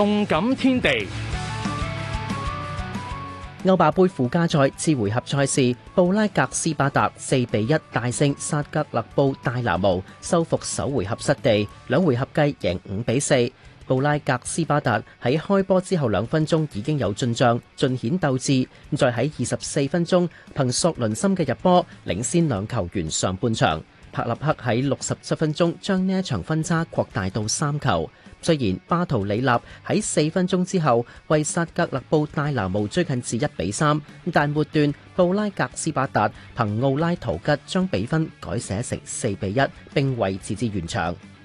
動感天地歐霸盃附加賽次回合賽事，布拉格斯巴達四比一大勝薩格勒布戴拿模，收復首回合失地，兩回合計贏五比四。布拉格斯巴達喺開波之後兩分鐘已經有進賬，盡顯鬥志。再喺二十四分鐘，憑索倫森嘅入波領先兩球員上半場。帕立克喺六十七分鐘將呢一場分差擴大到三球，雖然巴圖里納喺四分鐘之後為薩格勒布戴拿模追近至一比三，但末段布拉格斯巴達憑奧拉圖吉將比分改寫成四比一，並維持至完場。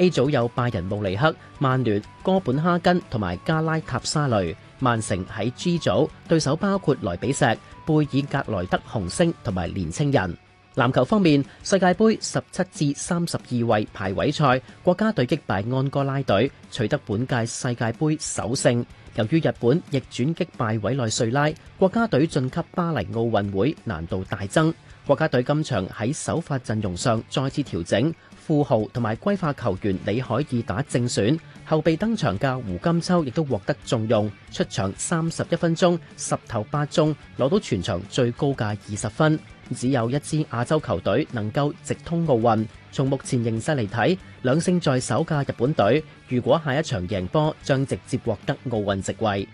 A 組有拜仁慕尼黑、曼聯、哥本哈根同埋加拉塔沙雷，曼城喺 G 組，對手包括萊比錫、貝爾格萊德紅星同埋年青人。籃球方面，世界杯十七至三十二位排位賽，國家隊擊敗安哥拉隊，取得本屆世界杯首勝。由於日本逆轉擊敗委內瑞拉，國家隊晉級巴黎奧運會難度大增。國家隊今場喺首發陣容上再次調整，富豪同埋歸化球員李凱爾打正選，後備登場嘅胡金秋亦都獲得重用，出場三十一分鐘，十投八中，攞到全場最高嘅二十分。只有一支亞洲球隊能夠直通奧運。從目前形勢嚟睇，兩勝在手嘅日本隊，如果下一場贏波，將直接獲得奧運席位。